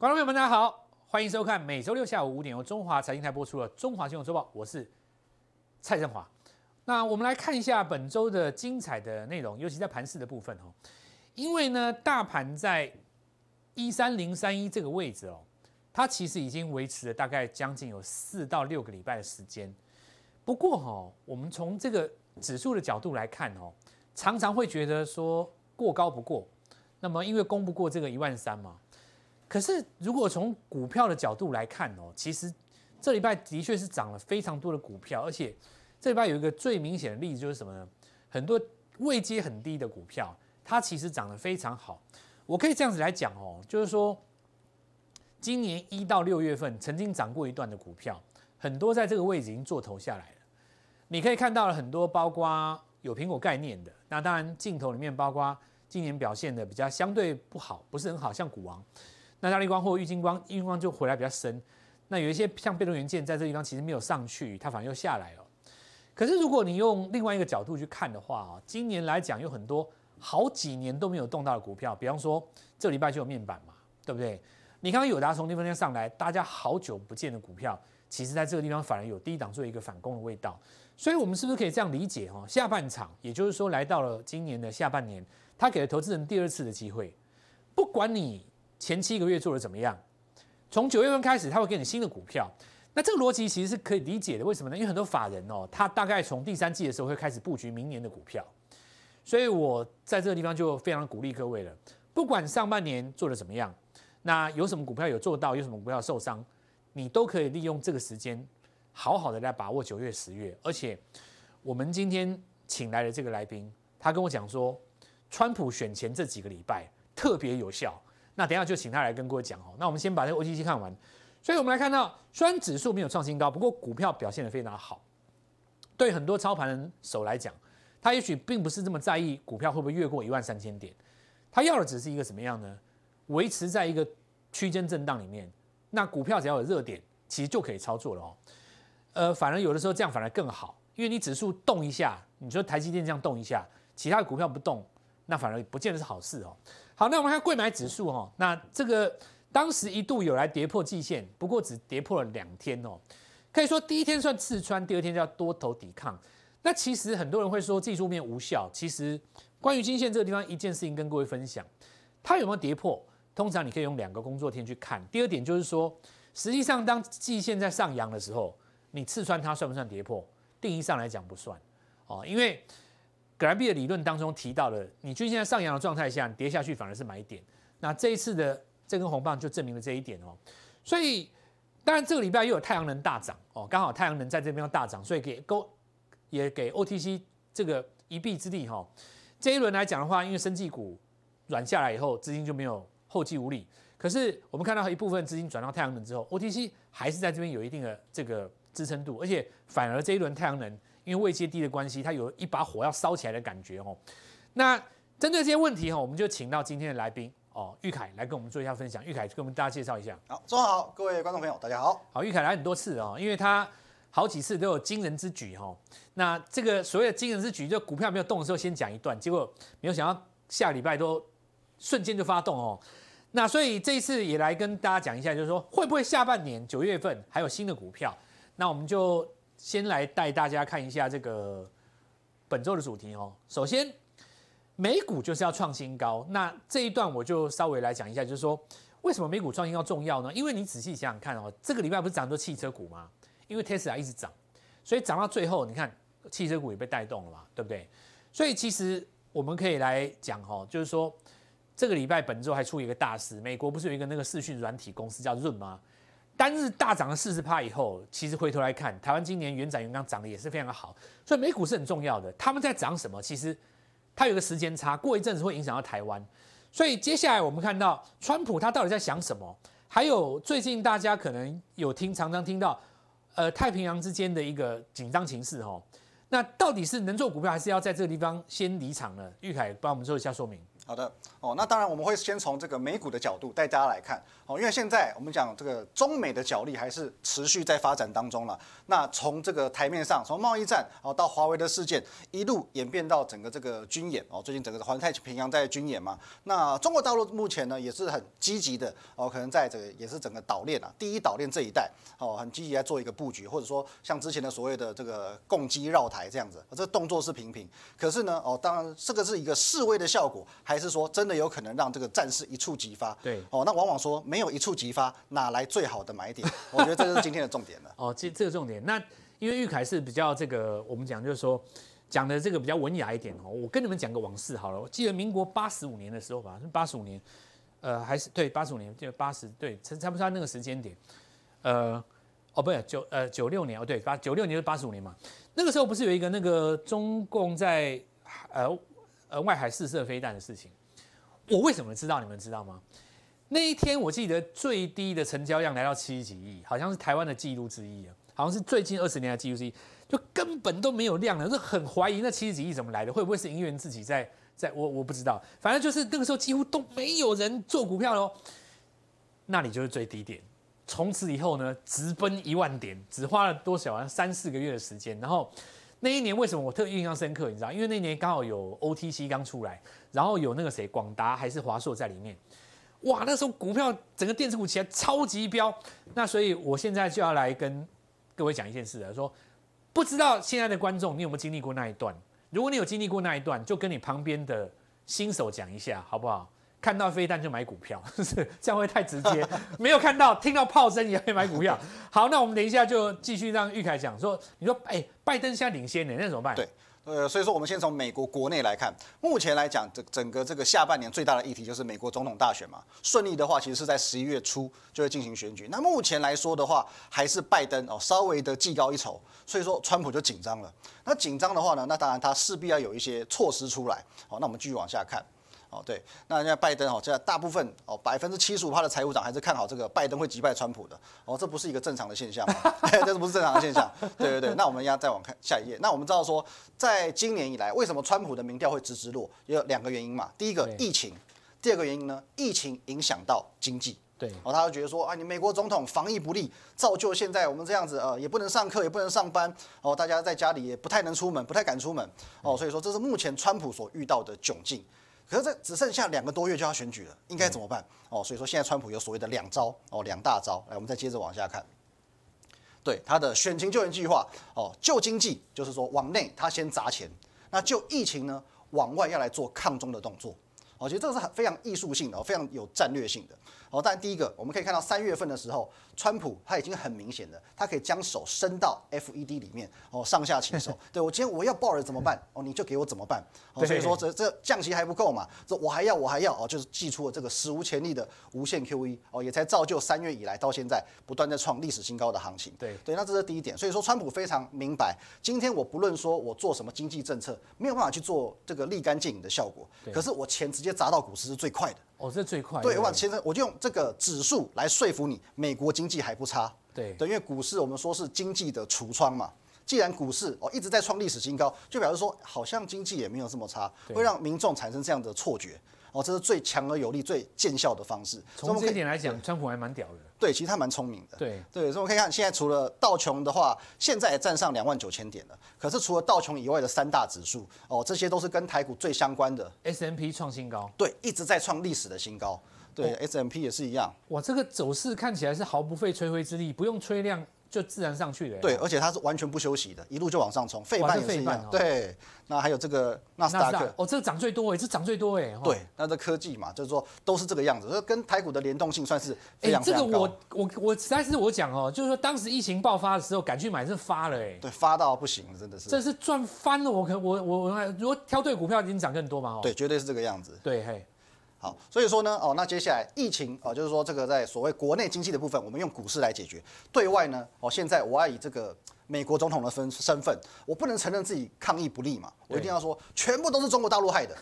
觀眾朋友們，大家好，歡迎收看每周六下午五點由中華財經台播出的《中華新聞周報》，我是蔡振華。那我們來看一下本周的精彩的內容，尤其在盤勢的部分，因為呢，大盤在一三零三一這個位置哦，它其實已經維持了大概將近有四到六個禮拜的時間。不過哈、哦，我們從這個指數的角度來看哦，常常會覺得說過高不過，那麼因為攻不過這個一萬三嘛。可是，如果從股票的角度來看哦，其實這禮拜的確是漲了非常多的股票，而且這禮拜有一個最明顯的例子就是什麼呢？很多位階很低的股票，它其實漲得非常好。我可以這樣子來講哦，就是說，今年一到六月份曾經漲過一段的股票，很多在這個位置已經做頭下來了。你可以看到了很多，包括有蘋果概念的，那當然鏡頭裡面包括今年表現的比較相對不好，不是很好，像股王。那大立光或玉晶光，玉晶光就回來比較深。那有一些像被動元件，在這個地方其實沒有上去，它反而又下來了。可是如果你用另外一個角度去看的話啊，今年來講有很多好幾年都沒有動到的股票，比方說這禮拜就有面板嘛，對不對？你剛剛有友達從那邊上來，大家好久不見的股票，其實在這個地方反而有低檔做一個反攻的味道。所以，我們是不是可以這樣理解哈？下半場，也就是說來到了今年的下半年，它給了投資人第二次的機會，不管你前七個月做的怎麼樣？從九月份開始，他會給你新的股票。那這個邏輯其實是可以理解的，為什麼呢？因為很多法人哦，他大概從第三季的時候會開始布局明年的股票。所以我在這個地方就非常鼓勵各位了。不管上半年做的怎麼樣，那有什麼股票有做到，有什麼股票受傷，你都可以利用這個時間，好好的來把握九月、十月。而且，我們今天請來的這個來賓，他跟我講說，川普選前這幾個禮拜特別有效。那等一下就請他來跟各位講哦。那我們先把這個 O T C 看完，所以我們來看到，雖然指數沒有創新高，不過股票表現得非常好。對很多操盤手來講，他也許並不是這麼在意股票會不會越過一萬三千點，他要的只是一個怎麼樣呢？維持在一個區間震盪裡面。那股票只要有熱點，其實就可以操作了哦。呃，反而有的時候這樣反而更好，因為你指數動一下，你說台積電這樣動一下，其他的股票不動，那反而不見得是好事哦。好，那我們看購買指數哈，那這個當時一度有來跌破季線，不過只跌破了兩天哦，可以說第一天算刺穿，第二天叫多頭抵抗。那其實很多人會說技術面無效，其實關於季線這個地方，一件事情跟各位分享，它有沒有跌破，通常你可以用兩個工作天去看。第二點就是說，實際上當季線在上揚的時候，你刺穿它算不算跌破？定義上來講不算哦，因為。格蘭比的理論當中提到了，你均線在上揚的狀態下，你跌下去反而是買一點。那這一次的這根紅棒就證明了這一點哦。所以，當然這個禮拜又有太陽能大漲哦，剛好太陽能在這邊大漲，所以給勾也給 OTC 這個一臂之力哈。這一輪來講的話，因為生技股軟下來以後，資金就沒有後繼無力。可是我們看到一部分資金轉到太陽能之後，OTC 還是在這邊有一定的這個支撐度，而且反而這一輪太陽能。因為位階低的關係，它有一把火要燒起來的感覺哦。那針對這些問題哈，我們就請到今天的來賓哦，玉凱來跟我們做一下分享。玉凱跟我們大家介紹一下。好，中好，各位觀眾朋友，大家好。好，玉凱來很多次哦，因為他好幾次都有驚人之舉哈。那這個所謂的驚人之舉，就股票沒有動的時候先講一段，結果沒有想到下禮拜都瞬間就發動哦。那所以這一次也來跟大家講一下，就是說會不會下半年九月份還有新的股票？那我們就。先來帶大家看一下這個本週的主題哦。首先，美股就是要創新高。那這一段我就稍微來講一下，就是說為什麼美股創新高重要呢？因為你仔細想想看哦，這個禮拜不是漲的都汽車股嗎？因為 Tesla 一直漲，所以漲到最後，你看汽車股也被帶動了嘛，對不對？所以其實我們可以來講哦，就是說這個禮拜本週還出一個大事，美國不是有一個那個視訊軟體公司叫 Zoom 嗎？單日大漲了四十趴以後，其實回頭來看，台灣今年原漲原鋼漲得也是非常的好，所以美股是很重要的。他們在漲什麼？其實它有個時間差，過一陣子會影響到台灣。所以接下來我們看到川普他到底在想什麼？還有最近大家可能有聽常常聽到，呃，太平洋之間的一個緊張情勢哈。那到底是能做股票，還是要在這個地方先離場呢？玉凱幫我們做一下說明。好的哦，那當然我們會先從這個美股的角度帶大家來看哦，因為現在我們講這個中美的角力還是持續在發展當中了。那從這個台面上，從貿易戰哦，到華為的事件，一路演變到整個這個軍演哦，最近整個環太平洋在軍演嘛。那中國大陸目前呢，也是很積極的哦，可能在這個也是整個島鏈啊，第一島鏈這一帶哦，很積極在做一個布局，或者說像之前的所謂的這個共機繞台這樣子，哦，這動作是頻頻。可是呢哦，當然這個是一個示威的效果，還是是說真的有可能讓這個戰事一觸即發？對哦，那往往說沒有一觸即發，哪來最好的買點？我覺得這是今天的重點了。 哦，其實這個重點，那因為玉凱是比較這個，我們講就是說講的這個比較文雅一點哦。我跟你們講個往事好了，我記得民國八十五年的時候吧，八十五年，呃，還是對八十五年就八十對，差不多那個時間點？呃，哦，不是九呃九六年哦，對八九六年是八十五年嘛？那個時候不是有一個那個中共在呃。呃，外海試射飛彈的事情，我為什麼知道？你們知道嗎？那一天我記得最低的成交量來到七十幾億，好像是台灣的記錄之一啊，好像是最近二十年的記錄之一，就根本都沒有量了，就很懷疑那七十幾億怎麼來的，會不會是營業員自己在在？我我不知道，反正就是那個時候幾乎都沒有人做股票嘍。那裡就是最低點，從此以後呢，直奔一萬點，只花了多少啊？三四個月的時間，然後。那一年為什麼我特印象深刻？你知道，因為那年剛好有 OTC 剛出來，然後有那個誰，廣達還是華碩在裡面，哇，那時候股票整個電子股起來超級飆。那所以我現在就要來跟各位講一件事了，說不知道現在的觀眾你有沒有經歷過那一段？如果你有經歷過那一段，就跟你旁邊的新手講一下，好不好？看到飛彈就買股票，是不是這樣會太直接？沒有看到 聽到炮聲也會買股票。好，那我們等一下就繼續讓玉凱講說，你說，誒、欸，拜登現在領先呢？那怎麼辦？對，呃，所以說我們先從美國國內來看，目前來講，整個這個下半年最大的議題就是美國總統大選嘛。順利的話，其實是在十一月初就會進行選舉。那目前來說的話，還是拜登哦，稍微的技高一籌，所以說川普就緊張了。那緊張的話呢，那當然他勢必要有一些措施出來。好，那我們繼續往下看。哦，對，那人家拜登好現在大部分哦百分之七十五趴的財務長還是看好這個拜登會擊敗川普的哦，這不是一個正常的現象嗎？ 這是不是正常的現象？對對對，那我們要再往看下一頁。那我們知道說，在今年以來，為什麼川普的民調會直直落？有兩個原因嘛，第一個疫情，第二個原因呢？疫情影響到經濟，對、哦，然後他就覺得說啊，你美國總統防疫不力，造就現在我們這樣子呃，也不能上課，也不能上班，哦，大家在家裡也不太能出門，不太敢出門，哦，所以說這是目前川普所遇到的窘境。可是這只剩下兩個多月就要選舉了，應該怎麼辦哦？所以說現在川普有所謂的兩招哦，兩大招，來我們再接着往下看，對他的選情救援計劃哦，救經濟就是說往內他先砸錢，那救疫情呢往外要來做抗中的動作，我覺得這是很非常藝術性的哦，非常有戰略性的。好、哦，但第一個，我們可以看到三月份的時候，川普他已經很明顯的，他可以將手伸到 F E D 裡面，哦，上下其手。 對我今天我要爆了怎麼辦？ 哦，你就給我怎麼辦？哦、對對對，所以說這這降息還不夠嘛？這我還要我還要哦，就是祭出了這個史無前例的無限 Q E，哦，也才造就三月以來到現在不斷在創歷史新高的行情。對對，那這是第一點。所以說川普非常明白，今天我不論說我做什麼經濟政策，沒有辦法去做這個立竿見影的效果，可是我錢直接砸到股市是最快的。哦，這最快是不是？對，我往前我就用這個指數來說服你，美國經濟還不差。對，因為股市我們說是經濟的櫥窗嘛，既然股市哦一直在創歷史新高，就表示說好像經濟也沒有這麼差，會讓民眾產生這樣的錯覺。哦，這是最強而有力、最見效的方式。從這一點來講，川普還蠻屌的。對，其實他蠻聰明的。對對，所以我們可以看現在除了道瓊的話，現在也站上兩萬九千點了。可是除了道瓊以外的三大指數，哦，這些都是跟台股最相關的。S M P 創新高。對，一直在創歷史的新高。對，哦，S M P 也是一樣。哇，這個走勢看起來是毫不費吹灰之力，不用吹量。就自然上去了，對，而且它是完全不休息的，一路就往上衝。費半也是一樣、哦、對。那還有這個納斯達克，哦，這個漲最多哎，這漲、個、最多哎。對，那這科技嘛，就是說都是這個樣子，所以跟台股的聯動性算是非常非常高哎、欸，這個我我我實在是我講哦，就是說當時疫情爆發的時候趕去買是發了哎，對，發到不行，真的是。這是賺翻了我，我可我我我如果挑對股票已經漲更多嘛，對，絕對是這個樣子。對嘿。好，所以說呢，哦，那接下來疫情啊、喔，就是說這個在所謂國內經濟的部分，我們用股市來解決。對外呢，哦，現在我要以這個。美國總統的分身身份，我不能承認自己抗疫不力嘛，我一定要說全部都是中國大陸害的，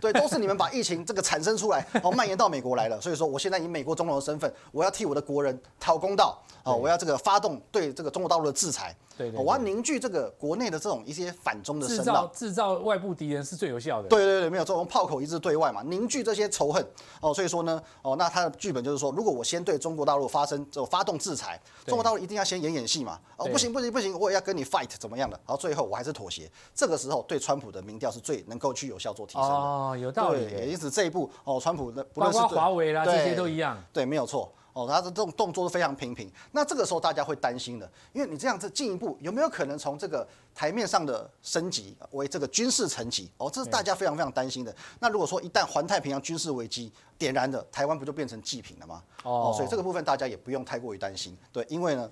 對，都是你們把疫情這個產生出來，哦，蔓延到美國來了，所以說我現在以美國總統的身份，我要替我的國人討公道，哦，我要這個發動對這個中國大陸的制裁，對，我要凝聚這個國內的這種一些反中的聲浪，制造外部敵人是最有效的，對對對,對，沒有，這種炮口一致對外嘛，凝聚這些仇恨，哦，所以說呢，哦，那他的劇本就是說，如果我先對中國大陸發生就發動制裁，中國大陸一定要先演演戲嘛，哦，不行不行不行。如果要跟你 fight 怎麼樣的，然後最後我還是妥協，這個時候對川普的民調是最能夠去有效做提升的哦，有道理。因此這一步哦，川普不論是華為啦這些都一樣。對，沒有錯。哦，他的這種動作是非常平平。那這個時候大家會擔心的，因為你這樣子進一步有沒有可能從這個台面上的升級為這個軍事層級？哦，這是大家非常非常擔心的。嗯。那如果說一旦環太平洋軍事危機點燃了，台灣不就變成祭品了嗎？哦。哦，所以這個部分大家也不用太過於擔心。對，因為呢。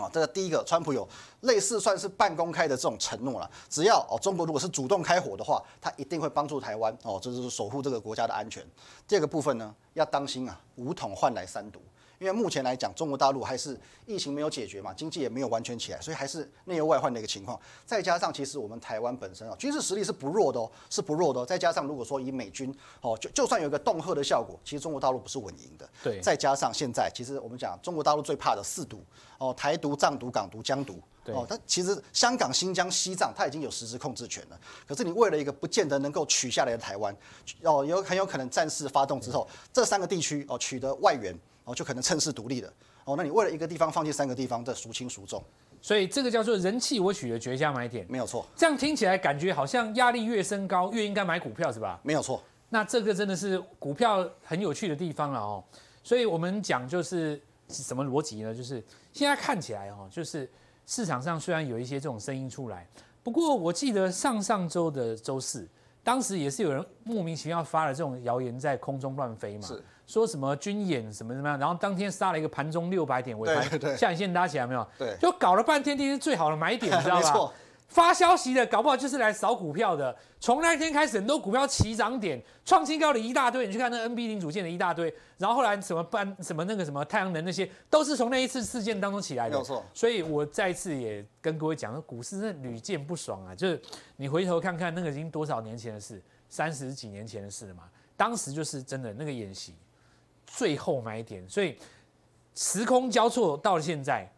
啊、哦，這個第一個，川普有類似算是半公開的這種承諾啦，只要哦中國如果是主動開火的話，他一定會幫助台灣哦，就是守護這個國家的安全。第二個部分呢，要當心啊，武統換來三毒。因為目前來講，中國大陸還是疫情沒有解決嘛，經濟也沒有完全起來，所以還是內憂外患的一個情況。再加上，其實我們台灣本身啊，軍事實力是不弱的哦，是不弱的哦。再加上，如果說以美軍哦，就就算有一個恫嚇的效果，其實中國大陸不是穩贏的。對。再加上現在，其實我們講中國大陸最怕的四獨哦，台獨、藏獨、港獨、疆獨。對。哦，但其實香港、新疆、西藏，它已經有實質控制權了。可是你為了一個不見得能夠取下來的台灣，哦，有很有可能戰事發動之後，這三個地區哦取得外援。哦，就可能趁勢獨立的哦。那你為了一個地方放棄三個地方的孰輕孰重？所以這個叫做人棄我取的絕佳買點，沒有錯。這樣聽起來感覺好像壓力越升高越應該買股票是吧？沒有錯。那這個真的是股票很有趣的地方了哦。所以我們講就是什麼邏輯呢？就是現在看起來哦，就是市場上雖然有一些這種聲音出來，不過我記得上上週的週四，當時也是有人莫名其妙發了這種謠言在空中亂飛嘛。是。說什麼軍演什麼什麼樣，然後當天殺了一個盤中六百點，尾盤下影線拉起來沒有？對，就搞了半天，這是最好的買點，你知道吧？發消息的，搞不好就是來掃股票的。從那一天開始，很多股票起漲點，創新高了一大堆。你去看那 N B 零組件的一大堆，然後後來什麼半什麼那個什麼太陽能那些，都是從那一次事件當中起來的。所以我再一次也跟各位講，股市是屢見不爽啊，就是你回頭看看那個已經多少年前的事，三十幾年前的事了嘛。當時就是真的那個演習。最後買點，所以時空交錯到了現在，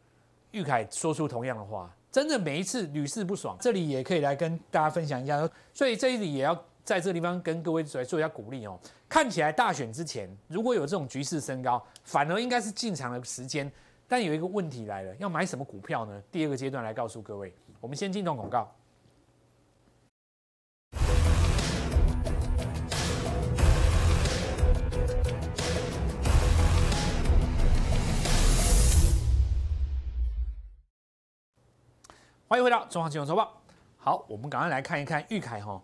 玉凱說出同樣的話，真的每一次屢試不爽。這裡也可以來跟大家分享一下，所以這裡也要在這個地方跟各位來做一下鼓勵哦。看起來大選之前如果有這種局勢升高，反而應該是進場的時間。但有一個問題來了，要買什麼股票呢？第二個階段來告訴各位，我們先進段廣告。歡迎回到中華金融周報。好，我們趕快來看一看玉凱哈。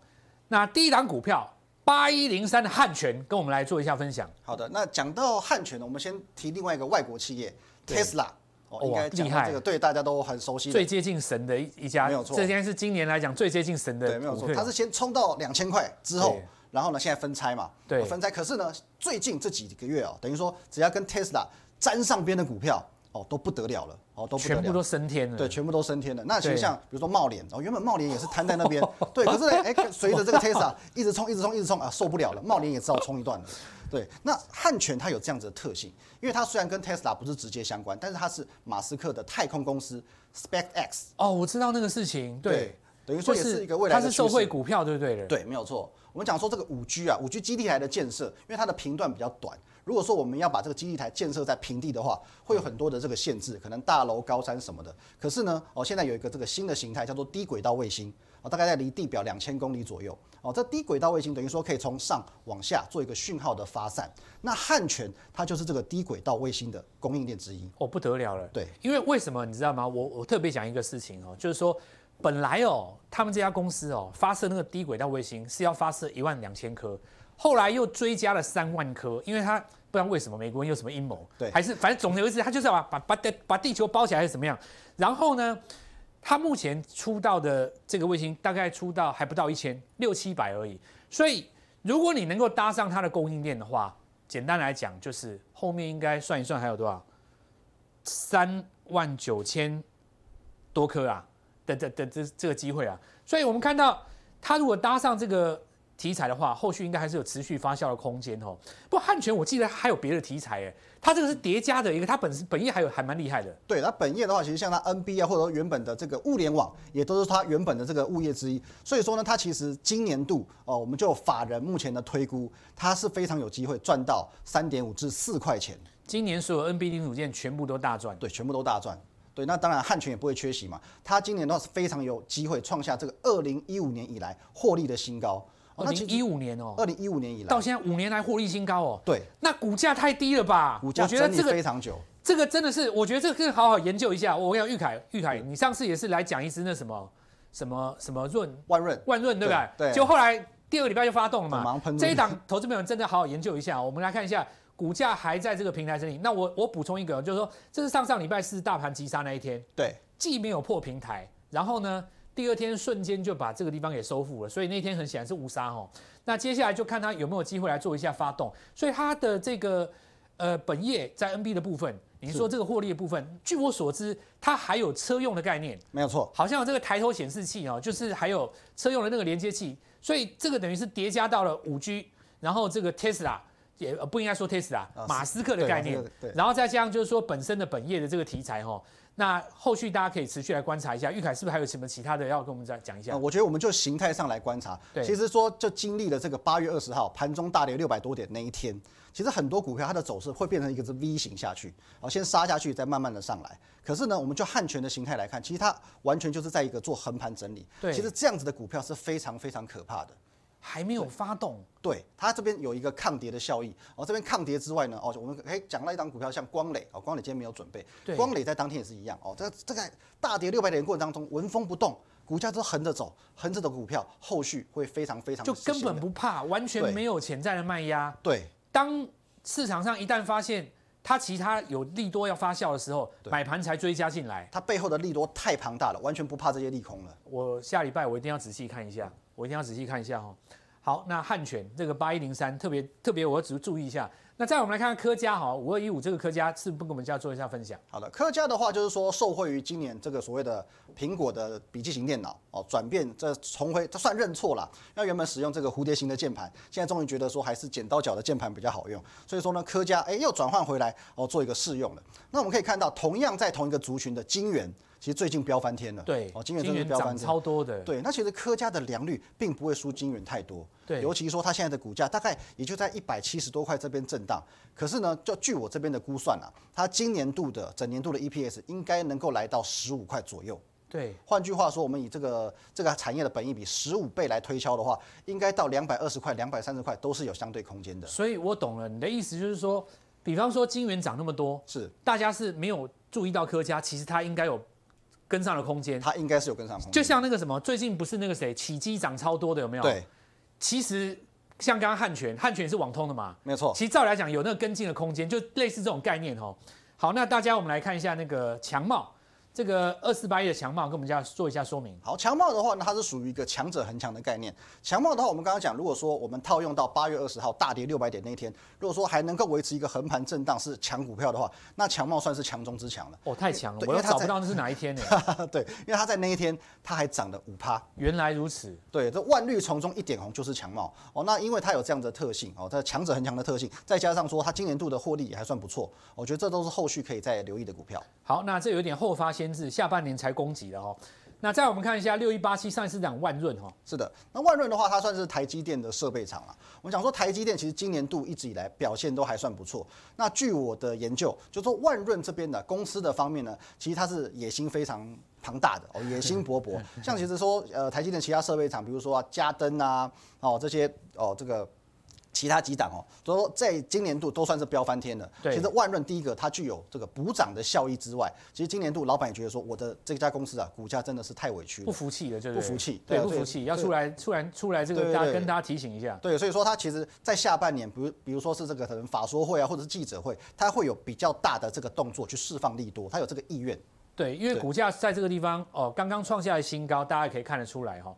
那第一檔股票八一零三的瀚荃跟我們來做一下分享。好的，那講到瀚荃呢，我們先提另外一個外國企業 Tesla，哦，應該講這個對大家都很熟悉。最接近神的一一家，沒有錯。這應該是今年來講最接近神的。對，沒有錯。它是先衝到兩千塊之後，然後呢，現在分拆嘛，對，分拆。可是呢，最近這幾個月哦，等於說只要跟 Tesla 沾上邊的股票。哦，都不得了了，哦，都全部都升天了。對，全部都升天了。那其實像比如說，茂聯，哦，原本茂聯也是攤在那邊， 對。可是哎，隨着這個 Tesla 一直衝，一直衝，一直衝啊，受不了了。茂聯也知道衝一段了。對。那漢全它有這樣子的特性，因為它雖然跟 Tesla 不是直接相關，但是它是馬斯克的太空公司 Space X。哦，我知道那個事情。對，對，等於說也是一個未來的趨勢。就是它是受惠股票，對不對的。對，沒有錯。我們講說這個五 G 啊，五 G 基地台的建設，因為它的頻段比較短。如果說我們要把這個基地台建設在平地的話，會有很多的這個限制，可能大樓、高山什麼的。可是呢，哦，現在有一個這個新的形態叫做低軌道衛星，哦，大概在離地表兩千公里左右。哦，這低軌道衛星等於說可以從上往下做一個訊號的發散。那漢全它就是這個低軌道衛星的供應鏈之一。哦，不得了了。對，因為為什麼你知道嗎？我我特別講一個事情哦，就是說本來哦，他們這家公司哦發射那個低軌道衛星是要發射一萬兩千顆。後來又追加了三萬顆，因為他不知道為什麼美國人有什麼陰謀，對，還是反正總有一次他就是要把把把把地球包起來還是怎麼樣。然後呢，他目前出到的這個衛星大概出到還不到一千六七百而已。所以如果你能夠搭上它的供應鏈的話，簡單來講就是後面應該算一算還有多少三萬九千多顆啊的的的這這個機會啊。所以我們看到他如果搭上這個。題材的話，後續應該還是有持續發酵的空間哦、喔。不過，漢泉我記得還有別的題材哎、欸，它這個是疊加的一個，它本身本業還有還蠻厲害的。對，它本業的話，其實像它 NBA 或者說原本的這個物聯網，也都是它原本的這個物業之一。所以說呢，它其實今年度哦，我們就法人目前的推估，它是非常有機會賺到三點五至四塊錢。今年所有 NBA 零組件全部都大賺。對，全部都大賺。對，那當然漢泉也不會缺席嘛。它今年的話是非常有機會創下這個二零一五年以來獲利的新高。二零一五年哦，二零一五年以，喔、來到現在五年來獲利新高哦、喔。對，那股價太低了吧股價？我覺得這個非常久，這個真的是，我覺得這個好好研究一下。我跟你講玉凱，玉凱，你上次也是來講一支那什麼什麼什麼潤萬潤萬潤對不對？對。就後來第二個禮拜就發動了嘛？這一檔投資朋友真的好好研究一下。我們來看一下股價還在這個平臺這裡。那我我補充一個，就是說這是上上禮拜四大盤急殺那一天，對，既沒有破平臺，然後呢，第二天瞬間就把這個地方給收復了，所以那天很顯然是誤殺哦。那接下來就看他有沒有機會來做一下發動。所以他的這個呃本業在 N B 的部分，你說這個獲利的部分，據我所知，他還有車用的概念，沒有錯，好像有這個抬頭顯示器哦，就是還有車用的那個連接器，所以這個等於是疊加到了五 G，然後這個 Tesla 也不應該說 Tesla，馬斯克的概念，然後再加上就是說本身的本業的這個題材哦。那後續大家可以持續來觀察一下，玉凱是不是還有什麼其他的要跟我們再講一下？我覺得我們就形態上來觀察，其實說就經歷了這個八月二十號盤中大跌六百多點那一天，其實很多股票它的走勢會變成一個是 V 型下去，啊，先殺下去再慢慢的上來。可是呢，我們就漢權的形態來看，其實它完全就是在一個做橫盤整理。其實這樣子的股票是非常非常可怕的。還沒有發動。對，對，它這邊有一個抗跌的效益。哦，這邊抗跌之外呢，哦，我們可以講那一檔股票，像光磊哦，光磊今天沒有準備。對。光磊在當天也是一樣，哦，這個、這個大跌六百點的過程當中聞風不動，股價都橫着走，橫着走股票後續會非常非常，就根本不怕，完全沒有潛在的賣壓。對，當市場上一旦發現它其他有利多要發酵的時候，買盤才追加進來，它背後的利多太龐大了，完全不怕這些利空了。我下禮拜我一定要仔細看一下。我一定要仔細看一下哈、哦。好，那瀚荃這個八一零三特別特別，我只注意一下。那再我們來看看科嘉哈五二一五，這個科嘉，是不跟我們家做一下分享？好的，科嘉的話就是說，受惠於今年這個所謂的蘋果的筆記型電腦哦，轉變再重回，這算認錯了。那原本使用這個蝴蝶型的鍵盤，現在終於覺得說還是剪刀腳的鍵盤比較好用，所以說呢科嘉哎又轉換回來哦，做一個試用了。那我們可以看到，同樣在同一個族群的精元。其實最近飆翻天了，對，哦，金元真的是飆翻天了超多的，對，那其實科家的良率並不會輸金元太多，對，尤其說它現在的股價大概也就在一百七十多塊這邊震盪，可是呢，就據我這邊的估算啊，它今年度的整年度的 EPS 應該能夠來到十五塊左右，對，換句話說，我們以這個這個產業的本益比十五倍來推敲的話，應該到兩百二十塊、兩百三十塊都是有相對空間的。所以，我懂了你的意思，就是說，比方說金元漲那麼多，是，大家是沒有注意到科家其實它應該有。跟上的空間，它應該是有跟上空間。就像那個什麼，最近不是那個誰啟碁漲超多的，有沒有？對，其實像剛剛漢權，漢泉是網通的嘛，沒錯。其實照理來講，有那個跟進的空間，就類似這種概念哦。好，那大家我們來看一下那個強茂。這個二四八一的強茂，我跟我們家做一下說明。好，強茂的話呢，它是屬於一個強者恆強的概念。強茂的話，我們剛剛講，如果說我們套用到八月二十號大跌六百點那一天，如果說還能夠維持一個橫盤震盪，是強股票的話，那強茂算是強中之強了。哦，太強了，我找不到那是哪一天呢對，因為它在, 在那一天，它還漲了五趴。原來如此。對，這萬綠叢中一點紅就是強茂哦，那因為它有這樣的特性哦，它的強者恆強的特性，再加上說它今年度的獲利也還算不錯，我覺得這都是後續可以再留意的股票。好，那這有點後發現。編制下半年才攻擊了哦。那再我們看一下六一八七上市長萬潤哦。是的，那萬潤的話，它算是台積電的設備廠了、啊。我們講說台積電其實今年度一直以來表現都還算不錯。那據我的研究，就是、說萬潤這邊的公司的方面呢，其實它是野心非常龐大的，野心勃勃。 像其實說呃台積電其他設備廠，比如說啊家登啊，哦這些哦這個。其他幾檔哦，都在今年度都算是飆翻天了。其實萬潤第一個它具有這個補漲的效益之外，其實今年度老板也覺得說，我的這家公司啊，股價真的是太委屈了，不服氣的，就是不服氣，對、啊，啊、不服氣，要出來，突然出來這個，跟大家跟他提醒一下。對，對，所以說他其實在下半年，比如比如說是這個可能法說會啊，或者是記者會，他會有比較大的這個動作去釋放利多，他有這個意願。對，因為股價在這個地方哦，剛剛創下了新高，大家也可以看得出來哈、哦。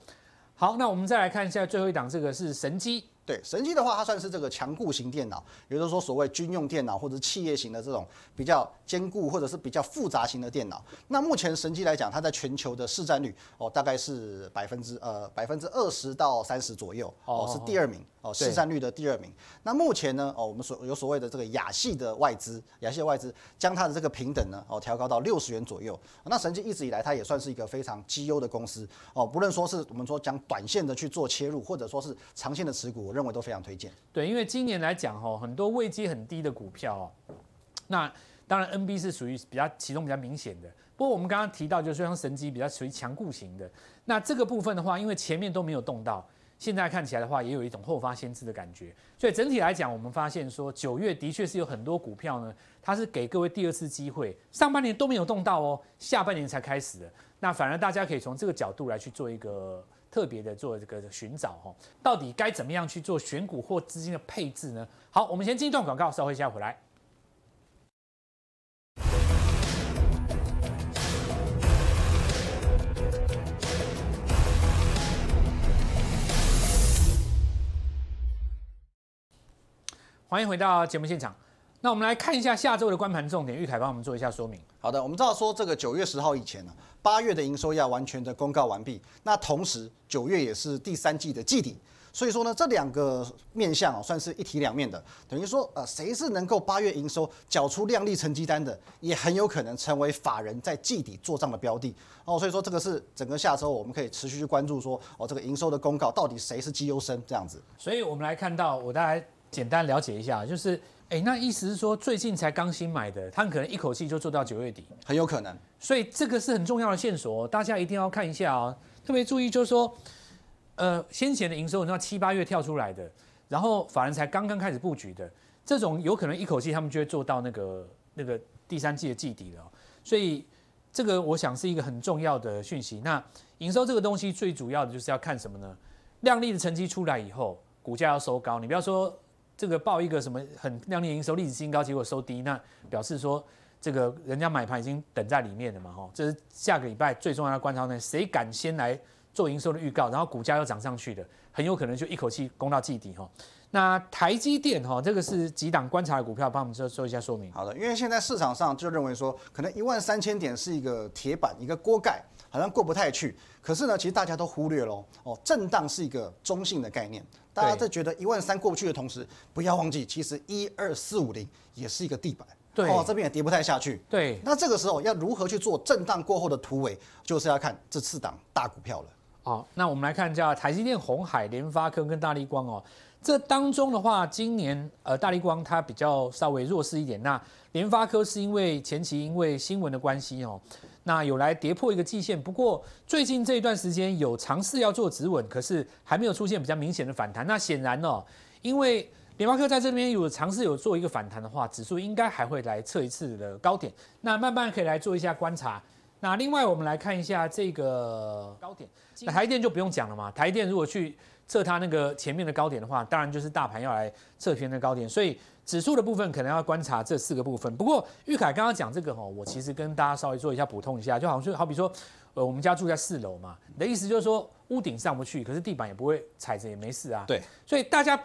好，那我們再來看一下最後一檔，這個是神機。對，神基的話，它算是這個強固型電腦，也就是說所謂軍用電腦或者是企業型的這種比較堅固或者是比較複雜型的電腦。那目前神基來講，它在全球的市占率哦，大概是百分之呃百分之二十到三十左右哦，是第二名哦，市占率的第二名。那目前呢，哦，我們所有所謂的這個亞系的外資，亞系的外資將它的這個評等，呢哦調高到六十元左右。那神基一直以來它也算是一個非常績優的公司哦，不論說是我們說講短線的去做切入，或者說是長線的持股，認為都非常推薦。對，因為今年來講吼，很多位階很低的股票，喔、那當然 NB 是屬於比較啟動比較明顯的。不過我們剛剛提到，就是說像神機比較屬於強固型的，那這個部分的話，因為前面都沒有動到。現在看起來的話，也有一種後發先至的感覺。所以整體來講，我們發現說九月的確是有很多股票呢，它是給各位第二次機會，上半年都沒有動到哦，下半年才開始的。那反而大家可以從這個角度來去做一個特別的做這個尋找哈、哦，到底該怎麼樣去做選股或資金的配置呢？好，我們先進一段廣告，稍微下回來。歡迎回到節目現場。那我們來看一下下周的觀盤重點，玉凱幫我們做一下說明。好的，我們知道說這個九月十號以前呢、啊，八月的營收要完全的公告完畢。那同時九月也是第三季的季底，所以說呢，這兩個面向哦、啊，算是一體兩面的。等於說呃，誰是能夠八月營收繳出亮麗成績單的，也很有可能成為法人在季底做賬的標的哦。所以說這個是整個下周我們可以持續去關注說哦，這個營收的公告到底誰是績優生這樣子。所以我們來看到我大概。簡單了解一下，就是誒、欸。那意思是說最近才剛新買的，他們可能一口氣就做到九月底，很有可能。所以這個是很重要的線索，大家一定要看一下啊、哦，特別注意就是說，呃，先前的營收那七八月跳出來的，然後法人才剛剛開始布局的，這種有可能一口氣他們就會做到那個那個第三季的季底了、哦。所以這個我想是一個很重要的訊息。那營收這個東西最主要的就是要看什麼呢？亮麗的成績出來以後，股價要收高，你不要說。這個報一個什麼很亮麗營收，歷史新高，結果收低，那表示說這個人家買盤已經等在裡面了嘛，吼，這是下個禮拜最重要的觀察呢，誰敢先來做營收的預告，然後股價又漲上去的，很有可能就一口氣攻到季底，吼。那台積電，吼，這個是幾檔觀察的股票，幫我們做做一下說明。好的，因為現在市場上就認為說，可能一萬三千點是一個鐵板，一個鍋蓋。好像過不太去，可是呢，其實大家都忽略咯哦，震盪是一個中性的概念，大家在覺得一萬三過不去的同時，不要忘記，其實一二四五零也是一個地板，對哦，這邊也跌不太下去。對，那這個時候要如何去做震盪過後的突圍，就是要看這四檔大股票了。好，哦，那我們來看一下台積電、鴻海、聯發科跟大立光哦。這當中的話，今年呃，大立光它比較稍微弱勢一點，那聯發科是因為前期因為新聞的關係哦。那有來跌破一個季線，不過最近這一段時間有嘗試要做止穩，可是還沒有出現比較明顯的反彈。那顯然哦，因為聯發科在這邊有嘗試有做一個反彈的話，指數應該還會來測一次的高點。那慢慢可以來做一下觀察。那另外我們來看一下這個高點，那台電就不用講了嘛，台電如果去測它那個前面的高點的話，當然就是大盤要來測它的高點，所以指數的部分可能要觀察這四個部分。不過玉凱剛剛講這個齁，我其實跟大家稍微做一下補充一下，就好像是好比說，呃，我們家住在四樓嘛，你的意思就是說屋頂上不去，可是地板也不會踩着也沒事啊。對，所以大家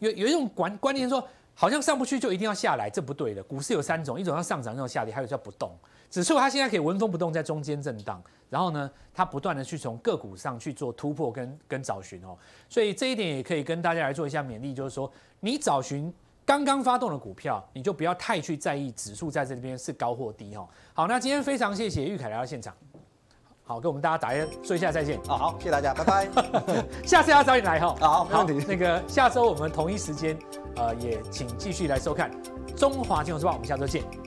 有有一種觀觀念說，好像上不去就一定要下來，這不對的。股市有三種，一種要上漲，一種要下跌，還有叫不動。指數它現在可以紋風不動在中間震盪，然後呢，它不斷的去從個股上去做突破跟跟找尋哦、喔，所以這一點也可以跟大家來做一下勉勵，就是說你找尋剛剛發動的股票，你就不要太去在意指數在這裡邊是高或低哈、喔。好，那今天非常謝謝玉凱來到現場，好，跟我們大家打一下說一下再見，好，謝謝大家，拜拜， 下次要找你來哈、喔，好，沒問題，那個下周我們同一時間，呃，也請繼續來收看《中華金融時報》，我們下周見。